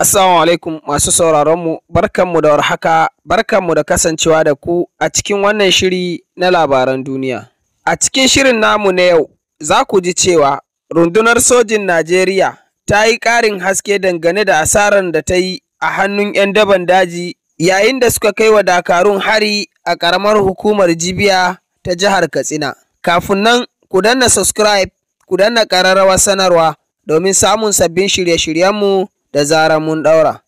Assalamu alaikum masu sauraronmu, barkanmu da warhaka, barkanmu da kasancewa da ku a cikin wannan shiri na labaran duniya. A cikin shirin namu na yau, za ku ji cewa rundunar sojin Najeriya ta yi ƙarin haske dangane da asarar da ta yi a hannun 'yan daban daji yayin da suka kai wa Dakarun hari a ƙaramar hukumar Jibiya ta jihar Katsina. Kafin nan, ku danna subscribe, ku danna ƙararrawar sanarwa domin samun sabbin shirye-shiryenmu da zarar mun ɗaura.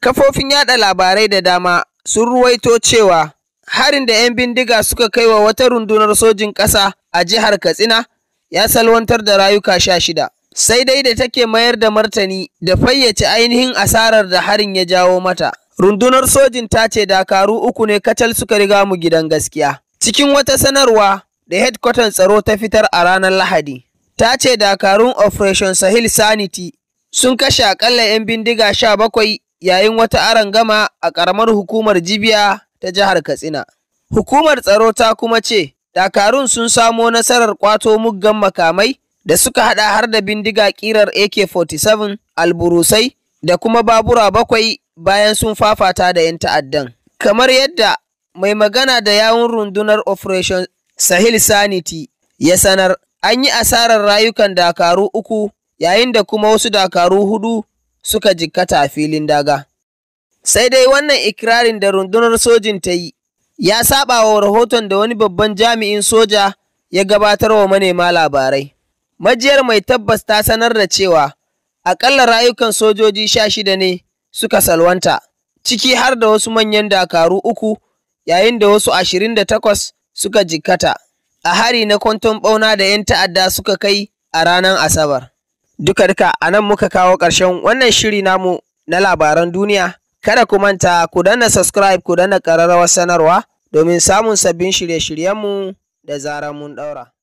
Kafofin yaɗa labarai da dama sun ruwaito cewa harin da 'yan bindiga suka kai wa wata rundunar sojin ƙasa a jihar Katsina ya salwantar da rayuka sha shida. Sai dai da take mayar da martani da fayyace ainihin asarar da harin ya jawo mata. Rundunar sojin ta ce dakaru uku ne kacal suka riga mu gidan gaskiya. Cikin wata sanarwa da headquarters tsaro ta fitar a ranar Lahadi, ta ce dakarun Operation sahil Sanity sun kashe akalla 'yan bindiga sha bakwai yayin wata arangama a ƙaramar hukumar jibiya ta jihar katsina hukumar tsaro ta kuma ce dakarun sun samo nasarar kwato muggan makamai da suka hada har da bindiga ƙirar ak-47 alburusai da kuma babura bakwai bayan sun fafata da 'yan ta'addan kamar yadda mai magana da yawun rundunar operation sahil sanity ya sanar an yi asarar rayukan dakaru uku yayin da kuma wasu dakaru hudu suka jikkata a filin daga. Sai dai wannan ikirarin da rundunar sojin ta yi ya saba wa rahoton da wani babban jami'in soja ya gabatar wa manema labarai. Majiyar mai tabbas ta sanar da cewa aƙalla rayukan sojoji sha shida ne suka salwanta, ciki har da wasu manyan dakaru uku yayin da wasu ashirin da takwas suka jikkata a hari na kwanton ɓauna da 'yan ta'adda suka kai a ranar Asabar. duka duka a nan muka kawo ƙarshen wannan shiri namu na labaran duniya kada ku manta ku danna subscribe ku danna ƙararrawar sanarwa domin samun sabbin shirye-shiryenmu da zarar mun ɗaura.